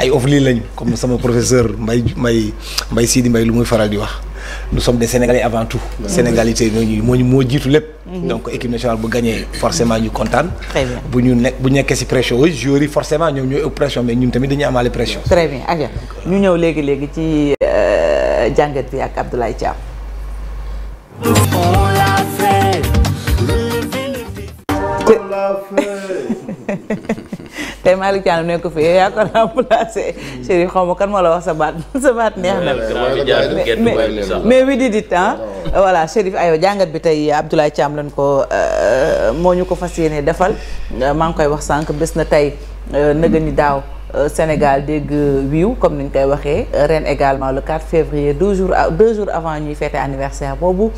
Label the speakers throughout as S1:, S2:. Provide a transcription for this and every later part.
S1: ay ovli lañ comme sama professeur Mbaye Mbaye Mbaye Sidi mbay lu muy faral di wax nous sommes de Sénégalais avant tout sénégalité ñooñu moo ñu moo jiitu lépp mhm. donc équipe nationale bu gagné forcément ñu kontaan très bu ñu nekk bu nekkee si pression yi joueurs yi forcément ñoom ñooy pression mais ñun tamit dañuy amaale
S2: pression très bien ñu ñëw léegi léegi ci euh, jàngat bi ak Abdoulaye Thiam on tey Malick Thiam nekk fi yow yaa ko remplacé mm. chéri xaw ma kan moo la wax sa baat sa baat neex na eh, mais wi di di temps voilà Chérif ayo jàngat bi tey Abdoulaye Thiam lañ ko euh, moo ñu ko fas yéene defal maa ngi koy wax sànq bés na tey euh, nëga ni daaw euh, Sénégal dégg wiiw comme ni ñu koy waxee ren également le 4 février deux jours deux jours avant ñuy fêter anniversaire boobu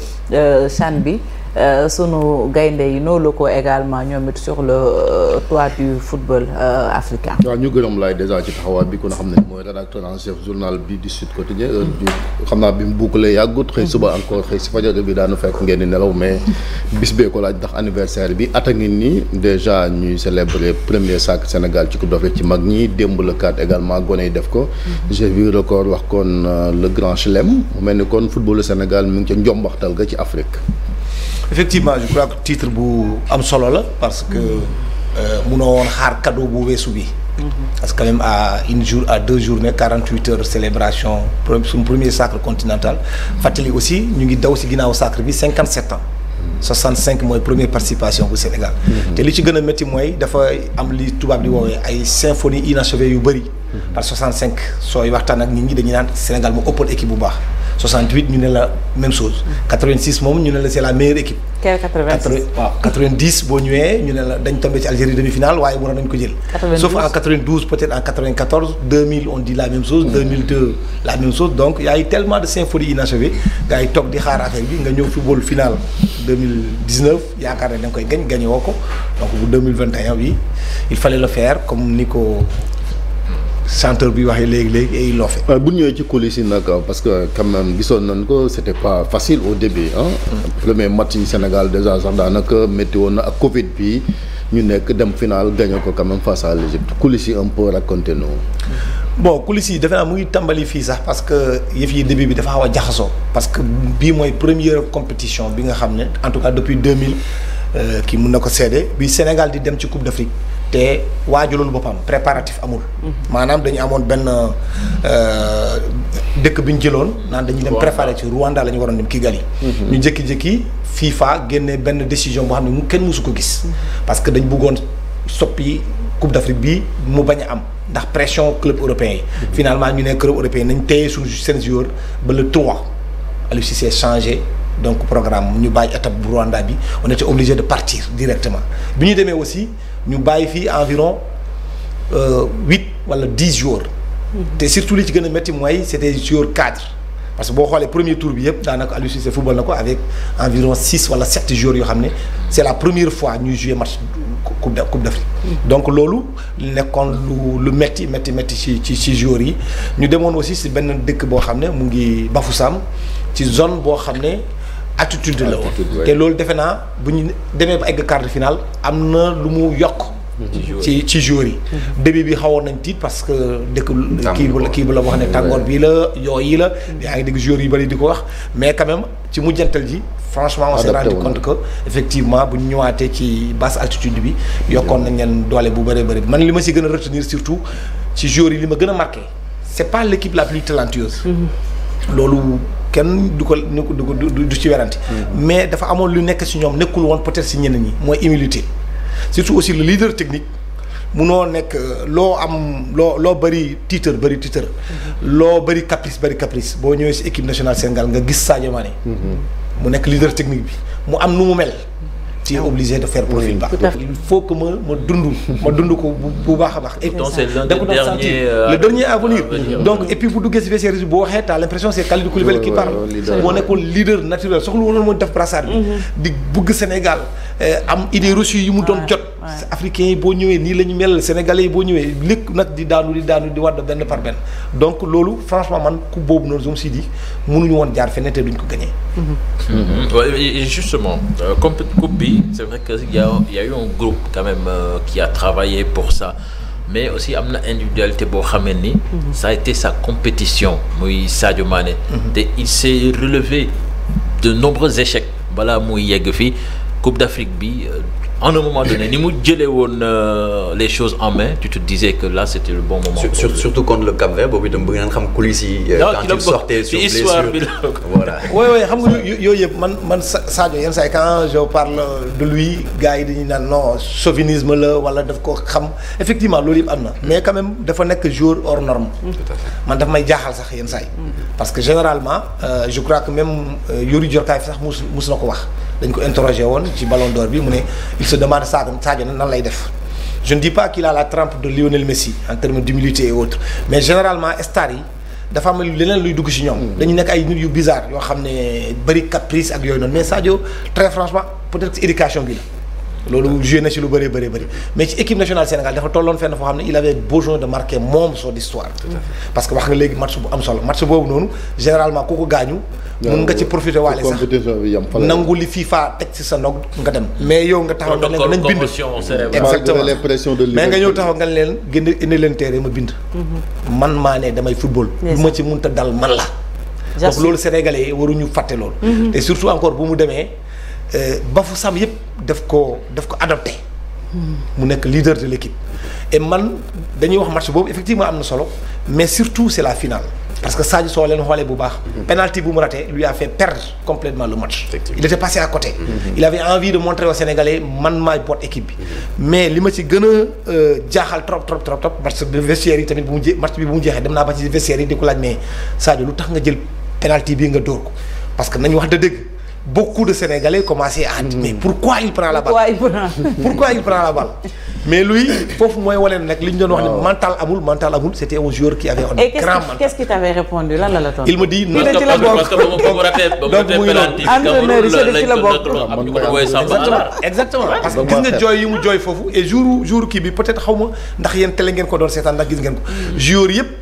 S2: chan bi Euh, sunu gaynde yi noonu ko également ñoom it sur le euh, toit du football euh, africain. waaw ñu gërëm laay déjà ci taxawaay
S3: bi ku nga xam ne mooy rédacteur en chef journal bi du Sud Quotidien xam naa bi mu bouclé yàggut xëy suba encore xëy si fajar bi daanu fekk ngeen di nelaw mais bis bee ko laaj ndax anniversaire bi at a ngi nii déjà ñuy célébrer premier sac Sénégal ci Coupe d'Afrique ci mag ñi démb le 4 également gone yi def ko. j'ai vu record wax kon le grand chelem mu mel ni kon footballu Sénégal mu ngi ca njombaxtal ga ci Afrique.
S1: effectivement je crois titre bu am solo la parce que euh, munoo woon xaar cadeau bu weesu bi. Mhm. parce que quand même une jour à deux journées quarante huit heures célébration suñu premier sacre continental. fàttali aussi ñu ngi daw si ginnaaw sacre bi cinquante sept ans. cinq mooy première participation bu Sénégal. Mhm. te li ci gën a métti mooy dafa am li tubaab di woowee ay symphonie inachevée yu bëri. Mhm. par 65 sooy waxtaan ak nit ñi dañuy naan Sénégal mu ëppoon équipe bu baax. 68 ñu ne la même chose. 86 moom ñu ne la c'est la meilleure équipe. quelle 86 80 waaw 90 boo ñëwee ñu ne la dañ tombé ci Algérie demi-finale waaye waroon nañu ko jël. sauf en 92 peut-être en 94 2000 on dit la même chose. la même chose donc y a eu tellement de symphonies inachevées gars yi yaakaar ne da nga koy gañ gañewoo ko donc bu il fallait le faire comme ni ko.
S3: centre bi waxee léegi léegi ay loofe. Euh, bu ñëwee ci coulisses yi nag parce que quand même gisoon nañ ko c' était pas facile au début ah. premier mm. match yi Sénégal déjà sax daanaka météo woon na ak Covid bi ñu nekk dem final gagné ko quand même face à l' Égypte coulisses yi un peu raconté nous.
S1: bon coulisses yi defe naa mu tàmbali fii sax parce que yëf yi début bi dafa xaw a jaxasoo. parce que bii mooy première compétition bi nga xam ne en tout cas depuis 2000 euh, kii mun na ko seede bi Sénégal di dem ci Coupe d' Afrique. te waaju loolu boppam préparatif amul. Mhm. maanaam dañu amoon benn euh, dëkk bi ñu jëloon. naan dañuy dem préparer ci Rwanda la ñu waroon dem Kigali. Mhm. ñu jékki-jékki FIFA génne benn décision boo xam ne mu kenn mësu ko gis. Mhm. parce que dañu bëggoon soppi Coupe d'Afrique bi mu bañ a am. ndax pression club européen yi. finalement ñu ne club européen nañ téye suñu seen joueur ba le 3 Aliou Cissé changé donc programme ñu bàyyi étape bu Rwanda bi on était obligé de partir directement bi ñu aussi. ñu bàyyi fii environ euh, huit wala dix jours.
S3: Mm-hmm.
S1: te surtout li ci gën a métti mooy c' était jours cadre parce que boo xoolee premier tour bi yëpp daanaka Aliou Cissé football na ko avec environ six wala sept jours yoo xam ne c' la première fois ñuy jouer match coupe de coupe d' mm-hmm. donc loolu nekkoon lu lu métti métti métti ci ci ci jours yi ñu demoon aussi si benn dëkk boo xam ne mu ngi Bafoussam ci zone boo xam ne. attitude la woon te loolu defe naa bu ñu demee ba egg quart finale am na lu mu yokk. ci ci jour yi. Mhm. début bi xawoon nañ tiit parce que dëkk. kii bu la kii bu la wax ne tàngoor bii la yi la. Mhm. yaa ngi dégg joueurs yi bëri di ko wax mais quand même ci mujjantal ji. franchement on s'est rendu compte que effectivement bu ñu ñëwaatee ci basse altitude bi. yokkoon nañ leen doole bu bëree bëri man li ma si gën a retenir surtout ci joueurs yi li ma gën a marqué. c'est pas l'équipe la plus talentueuse. Mhm. loolu. kenn du ko du du ci werante mm-hmm. mais dafa amoon lu nekk si ñoom nekkul woon peut-être si ñeneen ñi mooy humilité surtout aussi le leader technique mu noo nekk euh, loo am loo loo bari titre bëri titre mm-hmm. loo bëri caprice bari caprice boo ñëwee si équipe nationale Sénégal nga gis Sadio Mané mm-hmm. mu nekk leader technique bi mu am nu mu mel tu es ah de faire profil bas. il faut que ma ma dund. ma dund ko bu baax a baax. et donc c'est l'un dernier à donc et puis bu duggee si vestiaire bi boo waxee t'as l'impression c'est Kalidou Koulibaly qui parle moo nekkoon leader naturel soxla woon mooy def brassard bi. Mm-hmm. di bëgg Sénégal. Eh, am idée reçue yu mu doon jot. africains yi boo ñëwee nii la ñu mel sénégalais yi boo ñëwee lépp nag di daanu di daanu di wadd benn par benn donc loolu franchement man ku boobu noonu je me suis dit woon jaar feneen te duñ ko gagné.
S4: Mm-hmm. oui justement euh, comme coupe bi c'est vrai que y a y a eu un groupe quand même euh, qui a travaillé pour sa mais aussi am na individualité boo xamee ni. Mm-hmm. ça été sa compétition muy Sadio Mané. Mm-hmm. te il s'est relevé de nombreux échecs balaa muy yegg fii. Coupe d'Afrique bi euh, en un moment donné ni mu jëlee woon euh, les choses en main tu te disais que là c'était le bon moment. Sur, sur, surtout contre le Cap-Vert boobu itam bëgg ngeen xam coulisses yi.
S1: Euh, quand il sortait sur blessure voilà. oui oui xam nga yooyu yëpp man man Sadio yenn saa yi quand je parle de lui gars yi naan non chauvinisme la wala daf ko xam effectivement loolu yëpp am na mm-hmm. mais quand même dafa nekk jour hors norme. man daf may jaaxal sax yenn saa mm-hmm. parce que généralement dañ ko interroger woon ci ballon d'or bi mu ne il se demande Sadio na nan lay def je ne pas qu'il a la trempe de Lionel Messi en termes d'humilité et autres mais généralement star yi dafa am leneen luy dugg ci ñoom. Mm. dañu nekk ay nit yu bizarre yoo xam ne bëri caprice ak yooyu noonu mais Sadio très franchement peut-être éducation bi la. loolu joué na ci lu bëree bëri bëri mais ci équipe nationale Sénégal dafa tolloon fenn foo xam ne il avait besoin de marquer moom son histoire parce que wax nga léegi match bu am solo match boobu noonu généralement ku ko gaañu mun nga ci profité waale sax nangu li FIFA teg ci sa ndog nga dem mais yow nga taxaw nga leen leen gën a indi leen teere ma bind mhm. man maa ne damay football lu ma ci munta dal man la donc loolu sénégalais waruñu fàtte Euh, bafu sam yëpp def ko def ko adopté. mu nekk leader de l' équipe. et man dañuy wax match boobu effectivement am na solo mais surtout c' est la finale. parce que Sadio soo leen xoolee bu baax. Mhm. penalty bu mu raté lui a fait perdre complètement le match. il était passé à côté. Mhm. il avait envie de montrer aux Sénégalais man maay boot équipe bi. Mhm. mais li ma ci gën a euh, jaaxal trop trop trop trop parce que vestiaire yi tamit bu mu je match bi bu mu jeexee dem naa ba ci vestiaire yi di ko laaj mais lu tax nga jël penalty bii nga dóor ko parce que nañu wax de dëgg. beaucoup de Sénégalais commencé à dire mais pourquoi il prend la balle pourquoi il prend la balle mais lui foofu mooy wane ne nag li ñu doon wax ne mental amul mental amul c'était un joueur qui avait un Et grand mental.
S2: qu'est-ce il me dit non parce que
S4: donc mu ngi noonu entraîneur yi ci la bokk exactement
S2: exactement
S1: parce que gis nga jooy yi mu jooy foofu et jour jour kii bi peut-être xaw ma ndax yéen télé ngeen ko doon seetaan ndax gis ngeen ko mm. joueur yëpp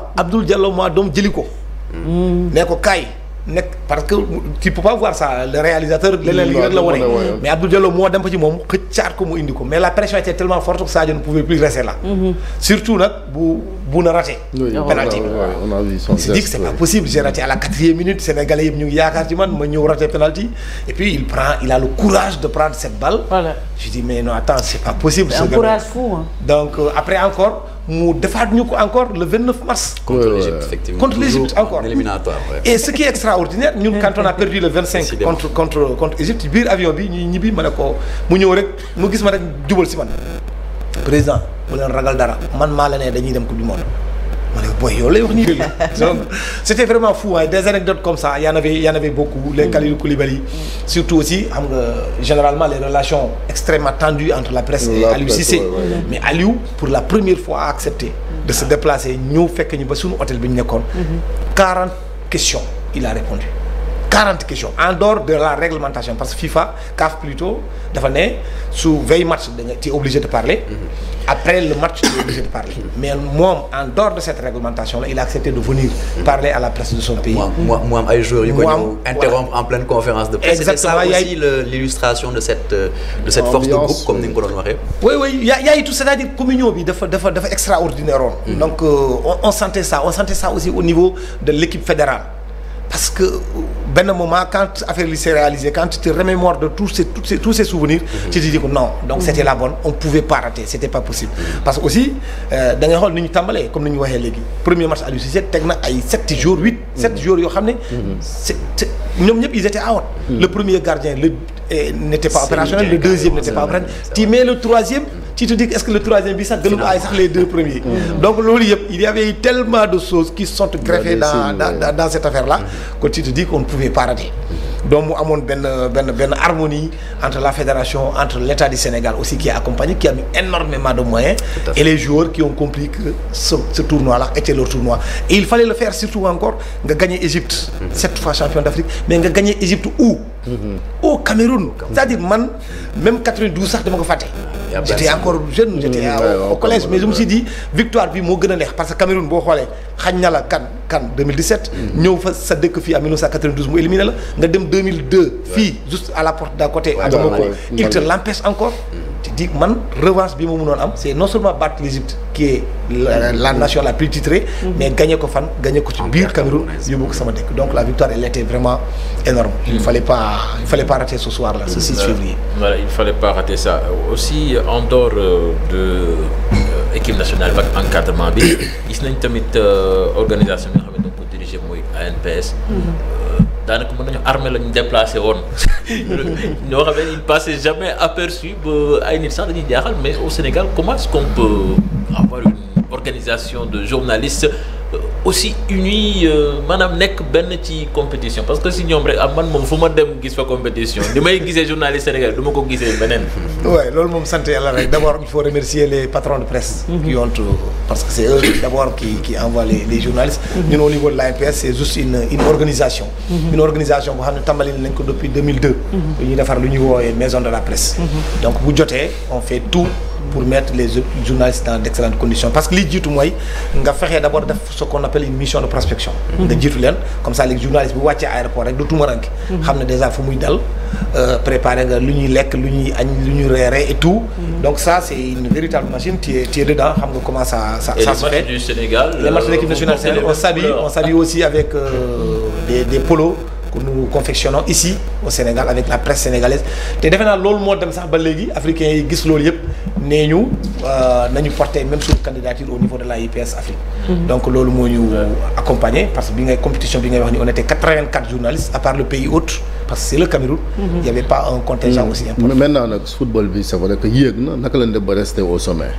S1: mois Abdoul Diallo maa doom jëli ko. Hmm. ne ko kaay nekk parce que tu peux pas voir ça le réalisateur. li rek la wone mais Abdoul Diallo moo dem ci moom xëccaat ko mu indi ko mais la pression était tellement forte que Sadio ne pouvait plus rester là. Hmm. surtout nag bu bu na raté. penalty bi c'est pas possible j'ai à la quatrième minute sénégalais yëpp ñu yaakaar ci man ma ñëw raté penalty et puis il a le courage de prendre cette balle. je dis mais non attends c'est pas possible. mu defaat ñu ko encore le 29 mars. contre ouais, l'Égypte effectivement contre l'Égypte encore éliminatoire ouais. et ce qui est extraordinaire ñun quand on a perdu le contre contre contre biir avion bi ñuy ñibbi ma ne ko mu ñëw rek mu gis ma rek jubal si man. président bu leen ragal dara man maa la ne dañuy dem ku du monde. ma ne booy yow lay wax nii donc c'était vraiment fou waaye des anecdotes comme ça y en avait y en avait beaucoup les mm. Kalidou Koulibaly mm. surtout aussi généralement les relations extrêmement tendues entre la presse et Aliou Cissé mais Aliou pour la première fois a accepté mm. de se déplacer ñëw fekk ñu ba suñu hôtel bi ñu nekkoon mm-hmm. quarante questions il a répondu 40 questions en dehors de la réglementation parce que FIFA CAF plutôt dafa ne su veille match da nga ci obligé de parler mm-hmm. après le match tu es obligé de parler mm-hmm. mais moom en dehors de cette réglementation il a accepté de venir mm-hmm. parler à la presse de son pays
S2: exactement aussi l'illustration euh, de cette force de groupe comme ni nga ko doon waxee
S1: oui i yaa yaa tout c'est-à-dire communion bi dafa dafa dafa extraordinaire woon donc euh, on sentait ça au niveau de l'équipe fédérale parce que benn moment quand affaire li s'est réalisée quand tu te remémores de tous ces tous ces tous ces souvenirs. Mhm. tu te que non donc mhm. c'était la bonne on pouvait pas rater c'était pas possible. Mhm. parce que aussi euh, da ngay ni ñu tàmbalee comme ni ñu waxee léegi premier match Aliou Cissé teg na ay sept jours huit. sept jours yoo xam ne. c'est ñoom ñëpp ils étaient out. le premier gardien le eh, n'était pas opérationnel le deuxième n'était pas opérationnel tu mets le troisième. tu te dis est-ce que le troisième bi sax gënu aay sax les deux premiers. Mm. donc loolu yëpp il y avait tellement de choses qui sont greffées dans dans dans cette affaire là que tu te dis qu'on ne pouvait pas mu amoon benn benn benn harmonie entre la fédération entre l'État du Sénégal aussi qui a accompagné qui a mis énormément de moyens et les joueurs qui ont compris que ce, ce tournoi là était leur tournoi il fallait le faire surtout encore nga gagner Égypte sept mm-hmm. fois champion d'Afrique nga gagner Égypte mm-hmm. man même 92 sax dama ko fàtte j'étais encore jeune j'étais au collège mais je me suis victoire bi moo gën a neex parce que Cameroun boo xoolee xañ na la kan kan 2017 ñëw fa sa dëkk fii en 1992 mu éliminé la nga dem 2002 fii juste à la porte d'à côté ak Bamako il te l'empêche encore mm. di man revanche bi ma mënoon am c'est non seulement battre l'Égypte qui est la, la nation la plus titrée mhm. mais gagné ko fan gagné ko ci biir Cameroun yóbbu sama dëkk donc la victoire elle était vraiment énorme il mm. fallait pas il fallait pas rater ce soir là ce 6 février
S4: il fallait pas rater ça aussi en dehors euh, de euh, équipe nationale ak encadrement bi gis nañ tamit euh, organisation bi nga xam ne donc ko dirigé mooy ANPS mhm. daanaka mën nañu armée la ñu déplacé woon ñoo xam ne il passait jamais aperçu ba ay nit sax dañuy jaaxal mais au Sénégal comment est-ce qu'on peut avoir une organisation de journalistes aussi unis euh, maanaam nekk benn ci compétition parce que si ñoom rek am ah, man moom fu ma dem gis fa compétition li may gisee journaliste sénégalais du ma ko gisee beneen.
S1: loolu moom sant yàlla rek d' il faut remercier les patrons de presse. qui mhm. euh, parce que c' est eux d' abord qui les journalistes. Mhm. ñun au niveau de l' ANPS juste une organisation. Mhm. une organisation boo xam ne tàmbali nañ ko depuis 2002. ñuy defar lu ñuy woowee maison de pour mettre les journalistes dans d'excellentes conditions parce que li jiitu mooy nga fexe d'abord def ce qu'on appelle une mission de prospection mhm. nga jiitu leen comme mhm. euh, ñuy lekk lu ñuy lu ñuy reeree et tout mhm. donc ça c'est une véritable machine tu es tu es dedans xam nga comment ça ça ça se
S4: fait du Sénégal les de l'équipe
S1: euh, euh, loolu moo dem sax ba léegi africains yi gis loolu yëpp nee ñu euh, nañu porter même suñu candidature au niveau de la IPS Afrique. Mhm. donc loolu moo ñu accompagner parce que bi ngay compétition bi ngay wax ni on était à part le pays hôte parce que c'est le Cameroun. Mhm. il pas un contingent mhm. aussi important.
S3: maintenant nag football bi c'est vrai yéeg na naka lañ def ba rester au sommet.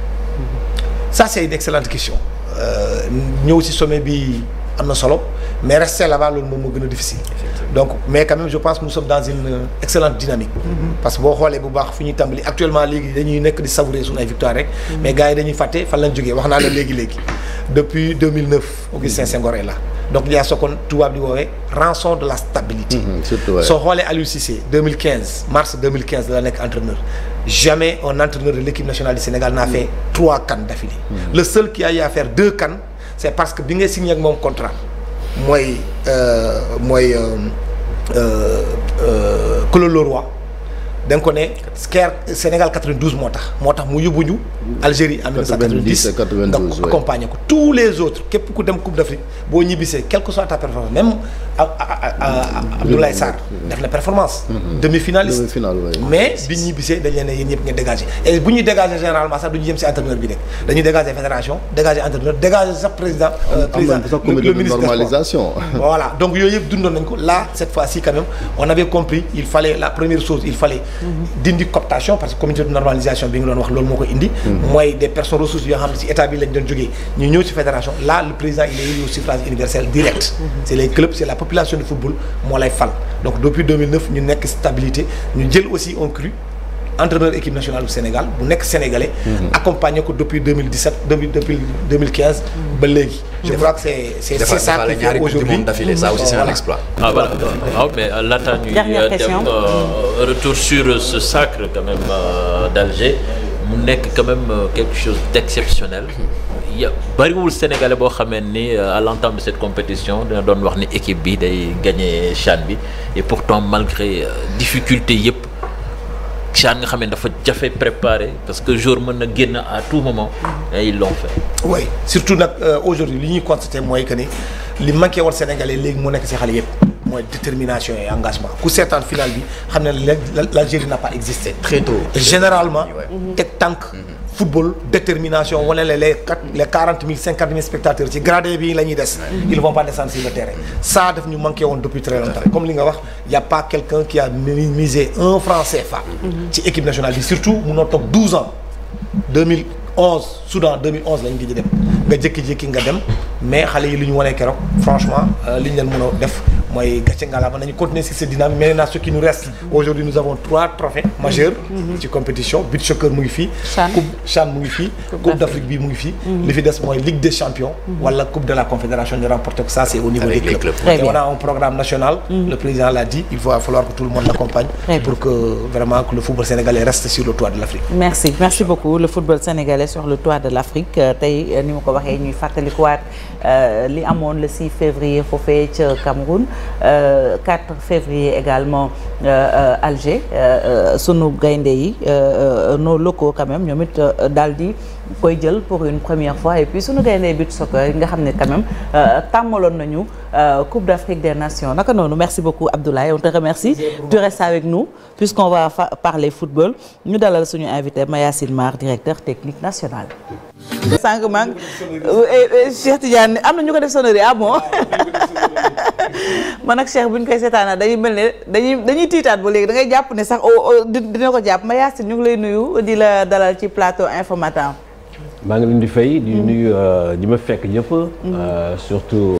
S1: ça c'est une excellente question euh, ñëw ci sommet bi am na solo mais rester là loolu moom moo gën a difficile. donc mais quand même je pense que nous sommes dans une excellente dynamique. Mhm. parce que boo xoolee bu baax fu ñuy tàmbali actuellement léegi dañuy nekk di savourer suñu ay victoire rek. Mhm. mais gars yi dañuy fàtte fan lañ jógee wax naa la léegi léegi. depuis 2009 Augustin mhm. Senghor est là donc il y a ce qu'on di woowee rançon de la
S3: stabilité. soo
S1: xoolee Aliou Cissé mars 2015 la nekk entraîneur. jamais un entraîneur de l'équipe nationale du Sénégal n'a fait trois CAN d'affilée. le seul qui a eu mooy euh, mooy euh, euh, Claude Leroy da nga ko ne Caire Sénégal 92 moo tax moo tax mu yóbbu ñu Algérie en 1990
S3: nga accompagné
S1: ko tous les autres képp ku dem Coupe d'Afrique boo ñibbisee quelle que soit ta performance même Abdoulaye Sarr def na performance mm-hmm. demi-finaliste mais bi ñibbisee dañ leen ne yéen ñëpp et bu ñuy dégagé généralement sax du ñu jëm si entraîneur bi nekk dañuy dégagé fédération dégagé entraîneur dégagé sax président euh, président yëpp dundoon nañ ko là cette dindi cooptation parce que communauté de normalisation bi nga doon wax loolu moo ko indi. mooy des personnes ressources yoo xam ne si état bi lañ doon jógee ñu ñëw ci fédération là le président il est élu au suffrage universel direct. c' est les clubs la population de football moo lay fal donc depuis 2009 ñu nekk stabilité ñu jël aussi un entraîneur équipe nationale bu Sénégal bu nekk sénégalais. Mhm. accompagné ko depuis 2017 depuis depuis 2015. ba léegi. je crois que c'est c'est c'est ça qui fait aujourd'hui d'affilée ça aussi c'est un exploit.
S4: ah voilà waaw ah, mais laata ñuy dem retour sur euh, ce sacre quand même euh, d'Alger mu nekk quand même euh, quelque chose d'exceptionnel. ya bariwul sénégalais boo xamee ni à l'entame de cette compétition dina doon wax ni équipe bi day gagner CHAN bi et pourtant malgré difficulté yëpp. chat nga xam ne dafa jafe préparé parce que jour
S1: mën na génn à tout moment
S4: mm-hmm. et ils
S1: l'ont fait oui surtout nag euh, aujourd'hui li ñuy constaté mooy que ni li manqué woon Sénégalais léegi mu nekk si xale yëpp mooy détermination et engagement ku seetaan final bi xam ne la n'a pas existé très tôt généralement teg tànk mm-hmm. football détermination wala les quatre les quarante mille cinquante mille spectateurs ci gradé bi la ñuy des. ils vont pas descendre sur le terrain. ça daf ñu manqué woon depuis très longtemps comme li nga wax y' quelqu'un qui a misé un franc CFA. ci équipe nationale bi surtout munoo toog douze ans deux mille onze Soudan deux mille onze lañ gëj a dem nga jékki-jékki nga dem mais xale yi li ñu wanee keroog franchement euh, li ñu leen mën a def. mooy gàcce ngalaama nañu continuer sur cette dynamique mais maintenant ce qui nous reste aujourd'hui nous avons trois trophées majeurs mhm. ci compétition beach soccer mu ngi CHAN coupe d'Afrique bi mu ngi fii mhm. fi des mooy ligue des champions mhm. wala coupe de la confédération ñu remporté ko ça c'est au niveau des clubs et on a un programme national le président l'a dit il va falloir que tout le monde l'accompagne pour que vraiment que le football
S2: 4 euh, février également euh, euh, Alger sunu gaynde yi nos locaux quand ñoom it daal koy jël pour une première fois et puis suñu gaynde beach soccer yi nga xam ne quand même euh, tàmmaloon nañu euh, Coupe d'Afrique des Nations naka noonu merci beaucoup Abdoulaye on te remercie tu restes avec nous puisqu'on va parler football ñu dalal suñu invité Mayacine Mar directeur technique nationale sànq maa ngi eh, eh, Cheikh am na ñu ko def sonnerie à ah bon man ak Cheikh bu ñu koy seetaana dañuy mel ne dañuy dañuy tiitaat ba léegi da ngay jàpp ne sax oh, oh, dina ko jàpp Mayacine ñu ngi lay nuyu di la dalal ci plateau Infos
S4: maa ngi leen di fay. di mm. nuyu euh, ñi ma fekk ñëpp. Mm. Euh, surtout